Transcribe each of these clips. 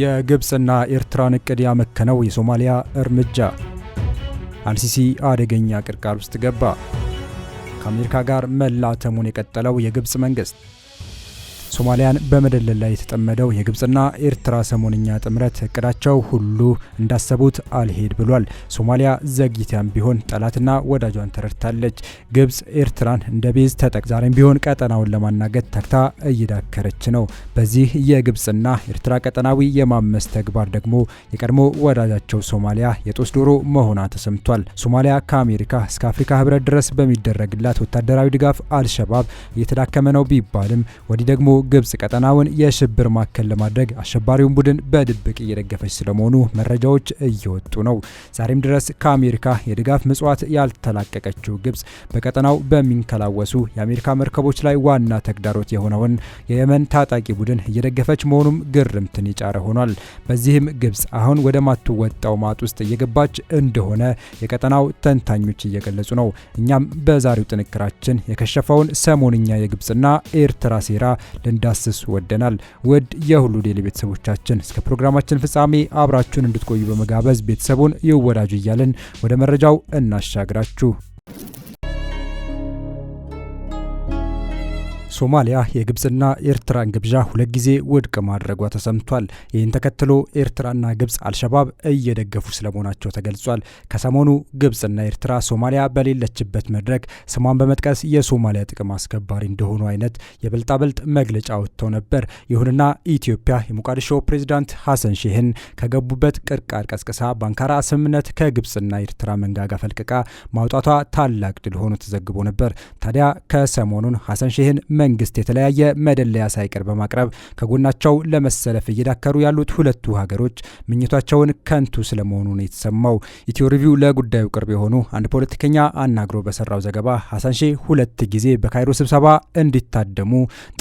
የግብፅና ኤርትራን እቅድ ያመከነው የሶማሊያ እርምጃ። አልሲሲ አደገኛ ቅርቃር ውስጥ ገባ። ከአሜሪካ ጋር መላተሙን የቀጠለው የግብፅ መንግሥት ሶማሊያን በመደለል ላይ የተጠመደው የግብጽና ኤርትራ ሰሞንኛ ጥምረት እቅዳቸው ሁሉ እንዳሰቡት አልሄድ ብሏል። ሶማሊያ ዘግይታም ቢሆን ጠላትና ወዳጇን ተረድታለች። ግብጽ ኤርትራን እንደ ቤዝ ተጠቅ ዛሬም ቢሆን ቀጠናውን ለማናገድ ተግታ እየዳከረች ነው። በዚህ የግብጽና ኤርትራ ቀጠናዊ የማመስ ተግባር ደግሞ የቀድሞ ወዳጃቸው ሶማሊያ የጦስ ዶሮ መሆኗ ተሰምቷል። ሶማሊያ ከአሜሪካ እስከ አፍሪካ ህብረት ድረስ በሚደረግላት ወታደራዊ ድጋፍ አልሸባብ እየተዳከመ ነው ቢባልም ወዲህ ደግሞ ግብጽ ቀጠናውን የሽብር ማዕከል ለማድረግ አሸባሪውን ቡድን በድብቅ እየደገፈች ስለመሆኑ መረጃዎች እየወጡ ነው። ዛሬም ድረስ ከአሜሪካ የድጋፍ ምጽዋት ያልተላቀቀችው ግብጽ በቀጠናው በሚንከላወሱ የአሜሪካ መርከቦች ላይ ዋና ተግዳሮት የሆነውን የየመን ታጣቂ ቡድን እየደገፈች መሆኑም ግርምትን ይጫረ ሆኗል። በዚህም ግብጽ አሁን ወደ ማትወጣው ማጥ ውስጥ እየገባች እንደሆነ የቀጠናው ተንታኞች እየገለጹ ነው። እኛም በዛሬው ጥንክራችን የከሸፈውን ሰሞንኛ የግብጽና ኤርትራ ሴራ ልንዳስስ ወደናል። ውድ የሁሉ ዴይሊ ቤተሰቦቻችን እስከ ፕሮግራማችን ፍጻሜ አብራችሁን እንድትቆዩ በመጋበዝ ቤተሰቡን ይወዳጁ እያልን ወደ መረጃው እናሻግራችሁ። ሶማሊያ የግብፅና ኤርትራን ግብዣ ሁለት ጊዜ ውድቅ ማድረጓ ተሰምቷል። ይህን ተከትሎ ኤርትራና ግብፅ አልሸባብ እየደገፉ ስለመሆናቸው ተገልጿል። ከሰሞኑ ግብፅና ኤርትራ ሶማሊያ በሌለችበት መድረክ ስሟን በመጥቀስ የሶማሊያ ጥቅም አስከባሪ እንደሆኑ አይነት የበልጣበልጥ መግለጫ ወጥተው ነበር። ይሁንና ኢትዮጵያ የሞቃዲሾ ፕሬዚዳንት ሀሰን ሼህን ከገቡበት ቅርቃር ቀስቅሳ በአንካራ ስምምነት ከግብፅና ኤርትራ መንጋጋ ፈልቅቃ ማውጣቷ ታላቅ ድል ሆኖ ተዘግቦ ነበር። ታዲያ ከሰሞኑን ሀሰን ሼህን መንግስት የተለያየ መደለያ ሳይቀር በማቅረብ ከጎናቸው ለመሰለፍ እየዳከሩ ያሉት ሁለቱ ሀገሮች ምኞታቸውን ከንቱ ስለመሆኑ ነው የተሰማው። ኢትዮ ሪቪው ለጉዳዩ ቅርብ የሆኑ አንድ ፖለቲከኛ አናግሮ በሰራው ዘገባ ሀሳን ሼህ ሁለት ጊዜ በካይሮ ስብሰባ እንዲታደሙ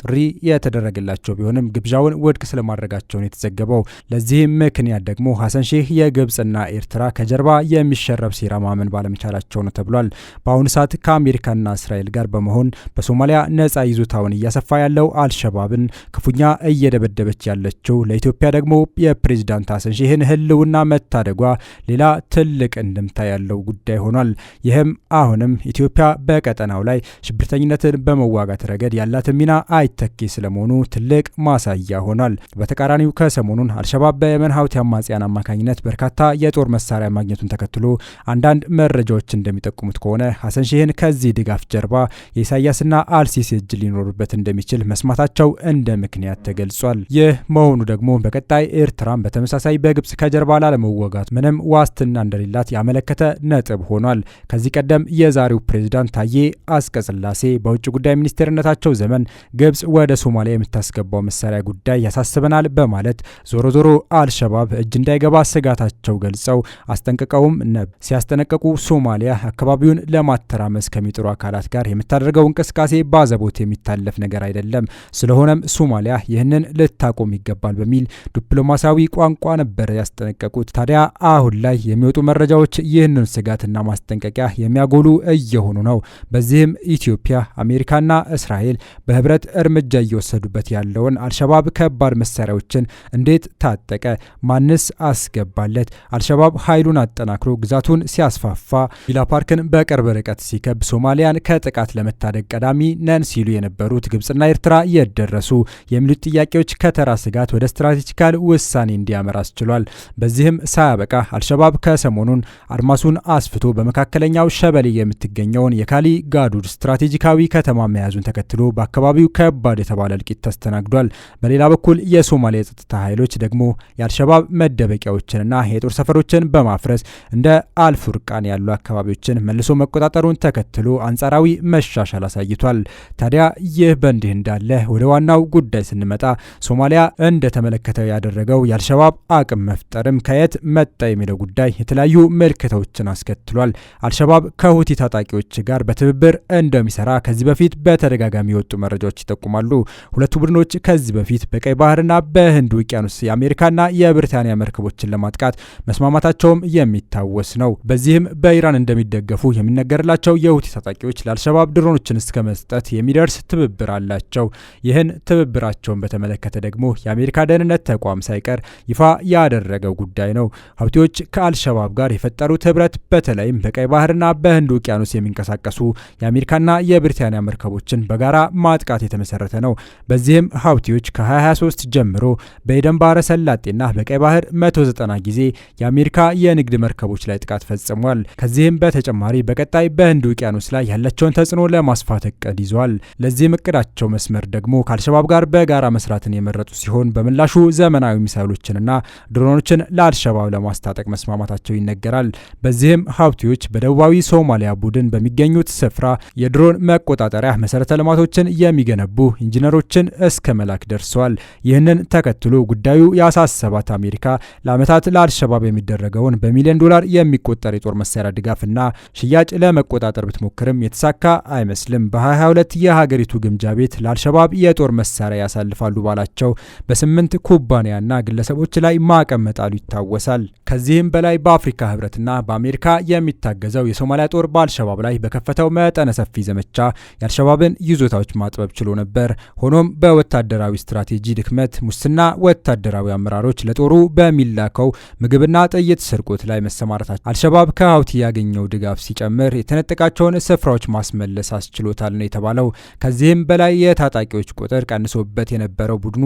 ጥሪ የተደረገላቸው ቢሆንም ግብዣውን ውድቅ ስለማድረጋቸውን የተዘገበው። ለዚህም ምክንያት ደግሞ ሀሰን ሼህ የግብፅና ኤርትራ ከጀርባ የሚሸረብ ሴራ ማመን ባለመቻላቸው ነው ተብሏል። በአሁኑ ሰዓት ከአሜሪካና እስራኤል ጋር በመሆን በሶማሊያ ነጻ ይዞ ይዞታውን እያሰፋ ያለው አልሸባብን ክፉኛ እየደበደበች ያለችው ለኢትዮጵያ ደግሞ የፕሬዚዳንት ሀሰን ሼህን ህልውና መታደጓ ሌላ ትልቅ እንድምታ ያለው ጉዳይ ሆኗል። ይህም አሁንም ኢትዮጵያ በቀጠናው ላይ ሽብርተኝነትን በመዋጋት ረገድ ያላትን ሚና አይተኬ ስለመሆኑ ትልቅ ማሳያ ሆኗል። በተቃራኒው ከሰሞኑን አልሸባብ በየመን ሀውቲ አማጽያን አማካኝነት በርካታ የጦር መሳሪያ ማግኘቱን ተከትሎ አንዳንድ መረጃዎች እንደሚጠቁሙት ከሆነ ሀሰን ሼህን ከዚህ ድጋፍ ጀርባ የኢሳያስና አልሲሲ እጅ ሊኖር ሊኖሩበት እንደሚችል መስማታቸው እንደ ምክንያት ተገልጿል። ይህ መሆኑ ደግሞ በቀጣይ ኤርትራን በተመሳሳይ በግብጽ ከጀርባ ላለመወጋት ምንም ዋስትና እንደሌላት ያመለከተ ነጥብ ሆኗል። ከዚህ ቀደም የዛሬው ፕሬዚዳንት ታዬ አስቀስላሴ በውጭ ጉዳይ ሚኒስቴርነታቸው ዘመን ግብጽ ወደ ሶማሊያ የምታስገባው መሳሪያ ጉዳይ ያሳስበናል በማለት ዞሮ ዞሮ አልሸባብ እጅ እንዳይገባ ስጋታቸው ገልጸው አስጠንቅቀውም ነብ ሲያስጠነቀቁ ሶማሊያ አካባቢውን ለማተራመስ ከሚጥሩ አካላት ጋር የምታደርገው እንቅስቃሴ ባዘቦት የሚታ የሚታለፍ ነገር አይደለም። ስለሆነም ሶማሊያ ይህንን ልታቆም ይገባል በሚል ዲፕሎማሲያዊ ቋንቋ ነበር ያስጠነቀቁት። ታዲያ አሁን ላይ የሚወጡ መረጃዎች ይህንን ስጋትና ማስጠንቀቂያ የሚያጎሉ እየሆኑ ነው። በዚህም ኢትዮጵያ፣ አሜሪካና እስራኤል በህብረት እርምጃ እየወሰዱበት ያለውን አልሸባብ ከባድ መሳሪያዎችን እንዴት ታጠቀ? ማንስ አስገባለት? አልሸባብ ኃይሉን አጠናክሮ ግዛቱን ሲያስፋፋ ቪላ ፓርክን በቅርብ ርቀት ሲከብ ሶማሊያን ከጥቃት ለመታደግ ቀዳሚ ነን ሲሉ የነበር የነበሩት ግብጽና ኤርትራ እየደረሱ ደረሱ የሚሉት ጥያቄዎች ከተራ ስጋት ወደ ስትራቴጂካል ውሳኔ እንዲያመራ አስችሏል። በዚህም ሳያበቃ አልሸባብ ከሰሞኑን አድማሱን አስፍቶ በመካከለኛው ሸበሌ የምትገኘውን የካሊ ጋዱድ ስትራቴጂካዊ ከተማ መያዙን ተከትሎ በአካባቢው ከባድ የተባለ እልቂት ተስተናግዷል። በሌላ በኩል የሶማሊያ የጸጥታ ኃይሎች ደግሞ የአልሸባብ መደበቂያዎችንና የጦር ሰፈሮችን በማፍረስ እንደ አልፉርቃን ያሉ አካባቢዎችን መልሶ መቆጣጠሩን ተከትሎ አንጻራዊ መሻሻል አሳይቷል። ታዲያ ይህ በእንዲህ እንዳለ ወደ ዋናው ጉዳይ ስንመጣ ሶማሊያ እንደተመለከተው ያደረገው የአልሸባብ አቅም መፍጠርም ከየት መጣ የሚለው ጉዳይ የተለያዩ ምልክቶችን አስከትሏል። አልሸባብ ከሁቲ ታጣቂዎች ጋር በትብብር እንደሚሰራ ከዚህ በፊት በተደጋጋሚ የወጡ መረጃዎች ይጠቁማሉ። ሁለቱ ቡድኖች ከዚህ በፊት በቀይ ባህርና በህንድ ውቅያኖስ የአሜሪካና የብሪታንያ መርከቦችን ለማጥቃት መስማማታቸውም የሚታወስ ነው። በዚህም በኢራን እንደሚደገፉ የሚነገርላቸው የሁቲ ታጣቂዎች ለአልሸባብ ድሮኖችን እስከ መስጠት የሚደርስ ትብ ትብብር አላቸው። ይህን ትብብራቸውን በተመለከተ ደግሞ የአሜሪካ ደህንነት ተቋም ሳይቀር ይፋ ያደረገው ጉዳይ ነው። ሀውቲዎች ከአልሸባብ ጋር የፈጠሩት ህብረት በተለይም በቀይ ባህርና በህንድ ውቅያኖስ የሚንቀሳቀሱ የአሜሪካና የብሪታንያ መርከቦችን በጋራ ማጥቃት የተመሰረተ ነው። በዚህም ሀውቲዎች ከ2023 ጀምሮ በኤደን ባህረ ሰላጤና በቀይ ባህር 190 ጊዜ የአሜሪካ የንግድ መርከቦች ላይ ጥቃት ፈጽሟል። ከዚህም በተጨማሪ በቀጣይ በህንድ ውቅያኖስ ላይ ያላቸውን ተጽዕኖ ለማስፋት እቅድ ይዟል። ለዚህም በዚህም እቅዳቸው መስመር ደግሞ ከአልሸባብ ጋር በጋራ መስራትን የመረጡ ሲሆን በምላሹ ዘመናዊ ሚሳይሎችንና ድሮኖችን ለአልሸባብ ለማስታጠቅ መስማማታቸው ይነገራል። በዚህም ሀብቲዎች በደቡባዊ ሶማሊያ ቡድን በሚገኙት ስፍራ የድሮን መቆጣጠሪያ መሰረተ ልማቶችን የሚገነቡ ኢንጂነሮችን እስከ መላክ ደርሰዋል። ይህንን ተከትሎ ጉዳዩ ያሳሰባት አሜሪካ ለዓመታት ለአልሸባብ የሚደረገውን በሚሊዮን ዶላር የሚቆጠር የጦር መሳሪያ ድጋፍና ሽያጭ ለመቆጣጠር ብትሞክርም የተሳካ አይመስልም። በ22 የሀገሪቱ ግምጃ ቤት ለአልሸባብ የጦር መሳሪያ ያሳልፋሉ ባላቸው በስምንት ኩባንያና ግለሰቦች ላይ ማዕቀብ መጣሉ ይታወሳል። ከዚህም በላይ በአፍሪካ ህብረትና በአሜሪካ የሚታገዘው የሶማሊያ ጦር በአልሸባብ ላይ በከፈተው መጠነ ሰፊ ዘመቻ የአልሸባብን ይዞታዎች ማጥበብ ችሎ ነበር። ሆኖም በወታደራዊ ስትራቴጂ ድክመት፣ ሙስና፣ ወታደራዊ አመራሮች ለጦሩ በሚላከው ምግብና ጥይት ስርቆት ላይ መሰማራታቸው አልሸባብ ከሀውቲ ያገኘው ድጋፍ ሲጨምር የተነጠቃቸውን ስፍራዎች ማስመለስ አስችሎታል ነው የተባለው። ከዚህ ከዚህም በላይ የታጣቂዎች ቁጥር ቀንሶበት የነበረው ቡድኑ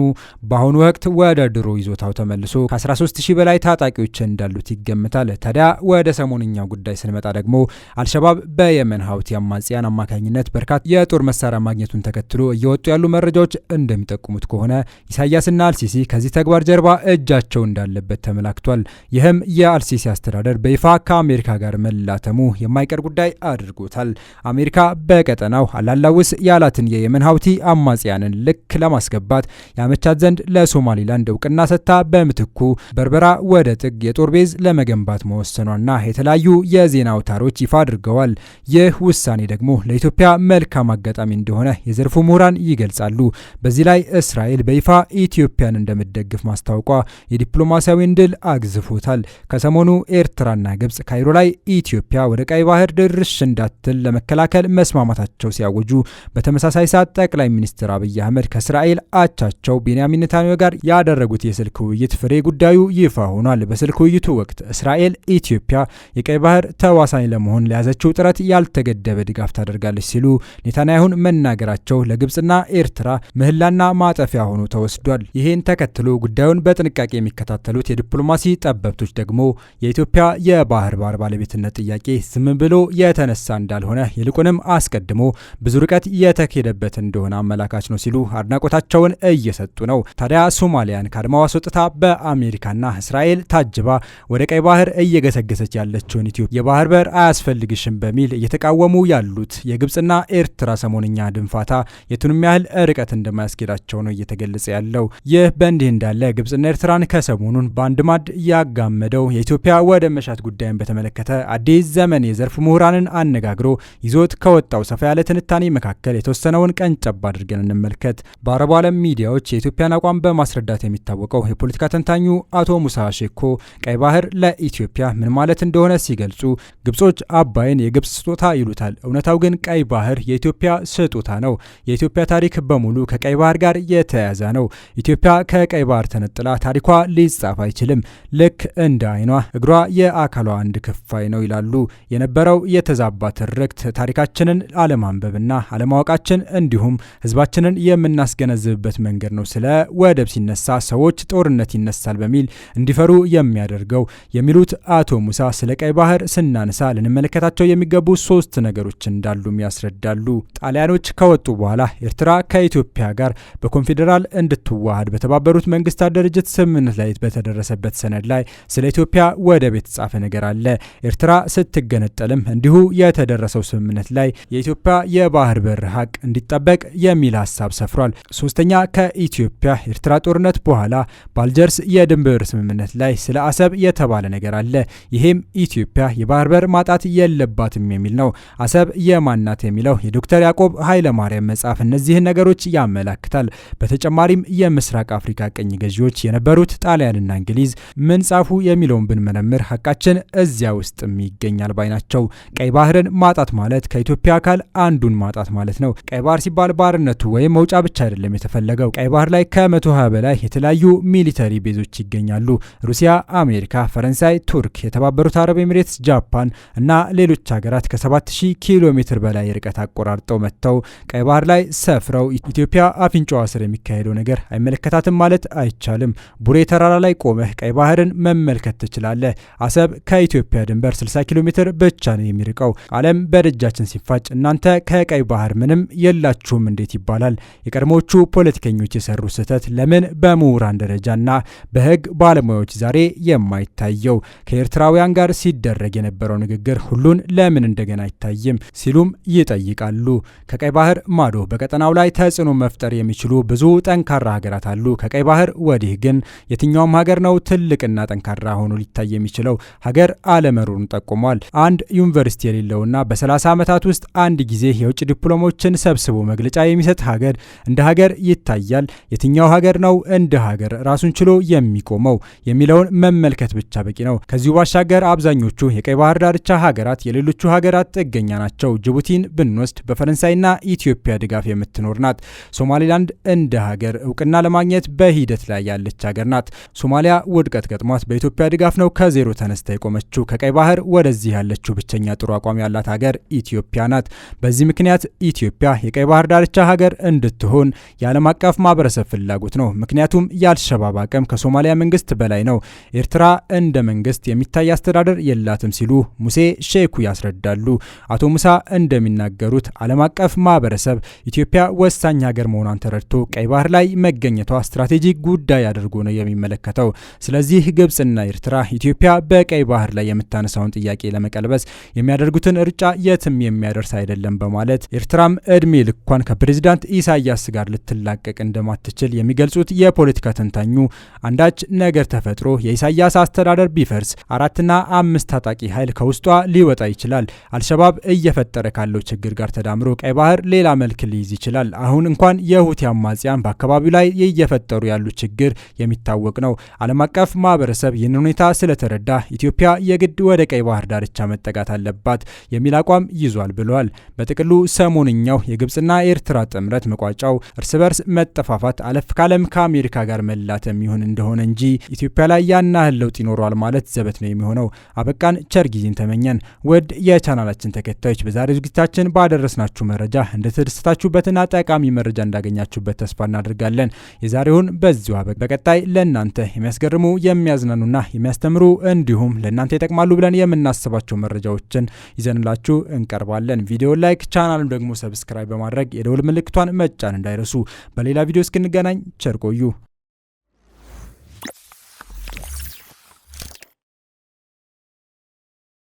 በአሁኑ ወቅት ወደ ድሮ ይዞታው ተመልሶ ከ13 ሺህ በላይ ታጣቂዎች እንዳሉት ይገምታል። ታዲያ ወደ ሰሞንኛው ጉዳይ ስንመጣ ደግሞ አልሸባብ በየመን ሀውቲ አማጽያን አማካኝነት በርካታ የጦር መሳሪያ ማግኘቱን ተከትሎ እየወጡ ያሉ መረጃዎች እንደሚጠቁሙት ከሆነ ኢሳያስና አልሲሲ ከዚህ ተግባር ጀርባ እጃቸው እንዳለበት ተመላክቷል። ይህም የአልሲሲ አስተዳደር በይፋ ከአሜሪካ ጋር መላተሙ የማይቀር ጉዳይ አድርጎታል። አሜሪካ በቀጠናው አላላውስ ያላትን ያሉትን የየመን ሀውቲ አማጽያንን ልክ ለማስገባት ያመቻት ዘንድ ለሶማሊላንድ እውቅና ሰጥታ በምትኩ በርበራ ወደ ጥግ የጦር ቤዝ ለመገንባት መወሰኗና የተለያዩ የዜና አውታሮች ይፋ አድርገዋል። ይህ ውሳኔ ደግሞ ለኢትዮጵያ መልካም አጋጣሚ እንደሆነ የዘርፉ ምሁራን ይገልጻሉ። በዚህ ላይ እስራኤል በይፋ ኢትዮጵያን እንደምትደግፍ ማስታወቋ የዲፕሎማሲያዊን ድል አግዝፎታል። ከሰሞኑ ኤርትራና ግብጽ ካይሮ ላይ ኢትዮጵያ ወደ ቀይ ባህር ድርሽ እንዳትል ለመከላከል መስማማታቸው ሲያወጁ በተመሳሳይ በተመሳሳይ ሰዓት ጠቅላይ ሚኒስትር አብይ አህመድ ከእስራኤል አቻቸው ቤንያሚን ኔታንያሁ ጋር ያደረጉት የስልክ ውይይት ፍሬ ጉዳዩ ይፋ ሆኗል። በስልክ ውይይቱ ወቅት እስራኤል ኢትዮጵያ የቀይ ባህር ተዋሳኝ ለመሆን ለያዘችው ጥረት ያልተገደበ ድጋፍ ታደርጋለች ሲሉ ኔታንያሁን መናገራቸው ለግብፅና ኤርትራ ምህላና ማጠፊያ ሆኖ ተወስዷል። ይህን ተከትሎ ጉዳዩን በጥንቃቄ የሚከታተሉት የዲፕሎማሲ ጠበብቶች ደግሞ የኢትዮጵያ የባህር ባር ባለቤትነት ጥያቄ ዝም ብሎ የተነሳ እንዳልሆነ ይልቁንም አስቀድሞ ብዙ ርቀት የተ። እየተካሄደበት እንደሆነ አመላካች ነው ሲሉ አድናቆታቸውን እየሰጡ ነው። ታዲያ ሶማሊያን ከአድማዋ አስወጥታ በአሜሪካና እስራኤል ታጅባ ወደ ቀይ ባህር እየገሰገሰች ያለችውን ኢትዮጵያ የባህር በር አያስፈልግሽም በሚል እየተቃወሙ ያሉት የግብጽና ኤርትራ ሰሞንኛ ድንፋታ የቱንም ያህል ርቀት እንደማያስኬዳቸው ነው እየተገለጸ ያለው። ይህ በእንዲህ እንዳለ ግብፅና ኤርትራን ከሰሞኑን በአንድ ማድ ያጋመደው የኢትዮጵያ ወደ መሻት ጉዳይን በተመለከተ አዲስ ዘመን የዘርፍ ምሁራንን አነጋግሮ ይዞት ከወጣው ሰፋ ያለ ትንታኔ መካከል የተወሰነ ቀን ቀንጨብ አድርገን እንመልከት። በአረቡ ዓለም ሚዲያዎች የኢትዮጵያን አቋም በማስረዳት የሚታወቀው የፖለቲካ ተንታኙ አቶ ሙሳ ሼኮ ቀይ ባህር ለኢትዮጵያ ምን ማለት እንደሆነ ሲገልጹ ግብጾች አባይን የግብጽ ስጦታ ይሉታል። እውነታው ግን ቀይ ባህር የኢትዮጵያ ስጦታ ነው። የኢትዮጵያ ታሪክ በሙሉ ከቀይ ባህር ጋር የተያያዘ ነው። ኢትዮጵያ ከቀይ ባህር ተነጥላ ታሪኳ ሊጻፍ አይችልም። ልክ እንደ አይኗ እግሯ የአካሏ አንድ ክፋይ ነው ይላሉ። የነበረው የተዛባ ትርክት ታሪካችንን አለማንበብና አለማወቃችን እንዲሁም ህዝባችንን የምናስገነዝብበት መንገድ ነው። ስለ ወደብ ሲነሳ ሰዎች ጦርነት ይነሳል በሚል እንዲፈሩ የሚያደርገው የሚሉት አቶ ሙሳ ስለ ቀይ ባህር ስናነሳ ልንመለከታቸው የሚገቡ ሶስት ነገሮች እንዳሉም ያስረዳሉ። ጣሊያኖች ከወጡ በኋላ ኤርትራ ከኢትዮጵያ ጋር በኮንፌዴራል እንድትዋሃድ በተባበሩት መንግስታት ድርጅት ስምምነት ላይ በተደረሰበት ሰነድ ላይ ስለ ኢትዮጵያ ወደብ የተጻፈ ነገር አለ። ኤርትራ ስትገነጠልም እንዲሁ የተደረሰው ስምምነት ላይ የኢትዮጵያ የባህር በር ሀቅ እንዲጠበቅ የሚል ሀሳብ ሰፍሯል። ሶስተኛ ከኢትዮጵያ ኤርትራ ጦርነት በኋላ ባልጀርስ የድንበር ስምምነት ላይ ስለ አሰብ የተባለ ነገር አለ። ይህም ኢትዮጵያ የባህር በር ማጣት የለባትም የሚል ነው። አሰብ የማናት የሚለው የዶክተር ያዕቆብ ኃይለማርያም መጽሐፍ እነዚህን ነገሮች ያመላክታል። በተጨማሪም የምስራቅ አፍሪካ ቅኝ ገዢዎች የነበሩት ጣሊያንና እንግሊዝ ምን ጻፉ የሚለውን ብንመረምር ሀቃችን እዚያ ውስጥም ይገኛል ባይ ናቸው። ቀይ ባህርን ማጣት ማለት ከኢትዮጵያ አካል አንዱን ማጣት ማለት ነው። ቀይ ባህር ሲባል ባርነቱ ወይም መውጫ ብቻ አይደለም የተፈለገው። ቀይ ባህር ላይ ከ120 በላይ የተለያዩ ሚሊተሪ ቤዞች ይገኛሉ። ሩሲያ፣ አሜሪካ፣ ፈረንሳይ፣ ቱርክ፣ የተባበሩት አረብ ኤሚሬትስ፣ ጃፓን እና ሌሎች ሀገራት ከ7000 ኪሎ ሜትር በላይ ርቀት አቆራርጠው መጥተው ቀይ ባህር ላይ ሰፍረው ኢትዮጵያ አፍንጫዋ ስር የሚካሄደው ነገር አይመለከታትም ማለት አይቻልም። ቡሬ ተራራ ላይ ቆመህ ቀይ ባህርን መመልከት ትችላለህ። አሰብ ከኢትዮጵያ ድንበር 60 ኪሎ ሜትር ብቻ ነው የሚርቀው። ዓለም በደጃችን ሲፋጭ እናንተ ከቀይ ባህር ምንም የላችሁም እንዴት ይባላል? የቀድሞዎቹ ፖለቲከኞች የሰሩ ስህተት ለምን በምሁራን ደረጃና በህግ ባለሙያዎች ዛሬ የማይታየው? ከኤርትራውያን ጋር ሲደረግ የነበረው ንግግር ሁሉን ለምን እንደገና አይታይም? ሲሉም ይጠይቃሉ። ከቀይ ባህር ማዶ በቀጠናው ላይ ተጽዕኖ መፍጠር የሚችሉ ብዙ ጠንካራ ሀገራት አሉ። ከቀይ ባህር ወዲህ ግን የትኛውም ሀገር ነው ትልቅና ጠንካራ ሆኖ ሊታይ የሚችለው? ሀገር አለመኖሩን ጠቁሟል። አንድ ዩኒቨርሲቲ የሌለውና በ30 ዓመታት ውስጥ አንድ ጊዜ የውጭ ዲፕሎሞችን ሰብ ሰብስቦ መግለጫ የሚሰጥ ሀገር እንደ ሀገር ይታያል። የትኛው ሀገር ነው እንደ ሀገር ራሱን ችሎ የሚቆመው የሚለውን መመልከት ብቻ በቂ ነው። ከዚሁ ባሻገር አብዛኞቹ የቀይ ባህር ዳርቻ ሀገራት የሌሎቹ ሀገራት ጥገኛ ናቸው። ጅቡቲን ብንወስድ በፈረንሳይና ኢትዮጵያ ድጋፍ የምትኖር ናት። ሶማሌላንድ እንደ ሀገር እውቅና ለማግኘት በሂደት ላይ ያለች ሀገር ናት። ሶማሊያ ውድቀት ገጥሟት በኢትዮጵያ ድጋፍ ነው ከዜሮ ተነስታ የቆመችው። ከቀይ ባህር ወደዚህ ያለችው ብቸኛ ጥሩ አቋም ያላት ሀገር ኢትዮጵያ ናት። በዚህ ምክንያት ኢትዮጵያ የቀይ ባህር ዳርቻ ሀገር እንድትሆን የዓለም አቀፍ ማህበረሰብ ፍላጎት ነው። ምክንያቱም የአልሸባብ አቅም ከሶማሊያ መንግስት በላይ ነው። ኤርትራ እንደ መንግስት የሚታይ አስተዳደር የላትም ሲሉ ሙሴ ሼኩ ያስረዳሉ። አቶ ሙሳ እንደሚናገሩት ዓለም አቀፍ ማህበረሰብ ኢትዮጵያ ወሳኝ ሀገር መሆኗን ተረድቶ ቀይ ባህር ላይ መገኘቷ ስትራቴጂክ ጉዳይ አድርጎ ነው የሚመለከተው። ስለዚህ ግብጽና ኤርትራ ኢትዮጵያ በቀይ ባህር ላይ የምታነሳውን ጥያቄ ለመቀልበስ የሚያደርጉትን ሩጫ የትም የሚያደርስ አይደለም በማለት ኤርትራም እድሜ ዕድሜ ልኳን ከፕሬዚዳንት ኢሳያስ ጋር ልትላቀቅ እንደማትችል የሚገልጹት የፖለቲካ ተንታኙ አንዳች ነገር ተፈጥሮ የኢሳያስ አስተዳደር ቢፈርስ አራትና አምስት ታጣቂ ኃይል ከውስጧ ሊወጣ ይችላል። አልሸባብ እየፈጠረ ካለው ችግር ጋር ተዳምሮ ቀይ ባህር ሌላ መልክ ሊይዝ ይችላል። አሁን እንኳን የሁቲ አማጽያን በአካባቢው ላይ እየፈጠሩ ያሉ ችግር የሚታወቅ ነው። ዓለም አቀፍ ማህበረሰብ ይህን ሁኔታ ስለተረዳ ኢትዮጵያ የግድ ወደ ቀይ ባህር ዳርቻ መጠጋት አለባት የሚል አቋም ይዟል ብለዋል። በጥቅሉ ሰሞንኛው የግብፅና የኤርትራ ጥምረት መቋጫው እርስ በርስ መጠፋፋት አለፍ ካለም ከአሜሪካ ጋር መላት የሚሆን እንደሆነ እንጂ ኢትዮጵያ ላይ ያና ለውጥ ይኖረዋል ማለት ዘበት ነው የሚሆነው። አበቃን። ቸር ጊዜን ተመኘን። ውድ የቻናላችን ተከታዮች በዛሬ ዝግጅታችን ባደረስናችሁ መረጃ እንደተደሰታችሁበትና ጠቃሚ መረጃ እንዳገኛችሁበት ተስፋ እናደርጋለን። የዛሬውን በዚሁ አበቃ። በቀጣይ ለእናንተ የሚያስገርሙ የሚያዝናኑና የሚያስተምሩ እንዲሁም ለእናንተ ይጠቅማሉ ብለን የምናስባቸው መረጃዎችን ይዘንላችሁ እንቀርባለን። ቪዲዮ ላይክ፣ ቻናሉን ደግሞ ሰብስክራይብ በማድረግ የደውል ምልክቷን መጫን እንዳይረሱ። በሌላ ቪዲዮ እስክንገናኝ ቸር ቆዩ።